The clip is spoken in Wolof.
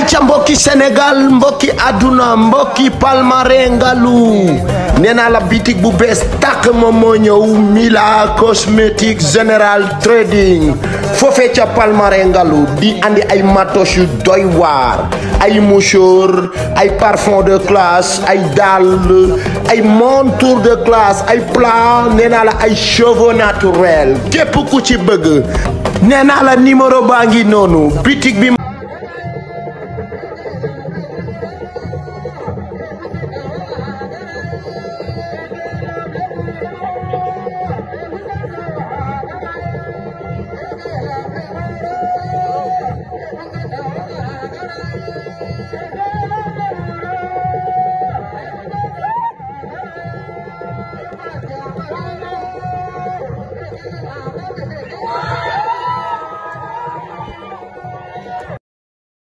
ay ca mbokki Sénégal mbokki àdduna mbokki palmarin ngalu nee naa la bitig bu bees tàq moom moo ñëw Mila cosmétique général trading foofee ca palmarin ngalu di andi ay matos yu doy waar ay mouchoir ay parfum de classe ay dàll ay monture de classe ay plat nee naa la ay cheveux naturels képp ku ci bëgg nee la numéro baa ngi noonu Amen.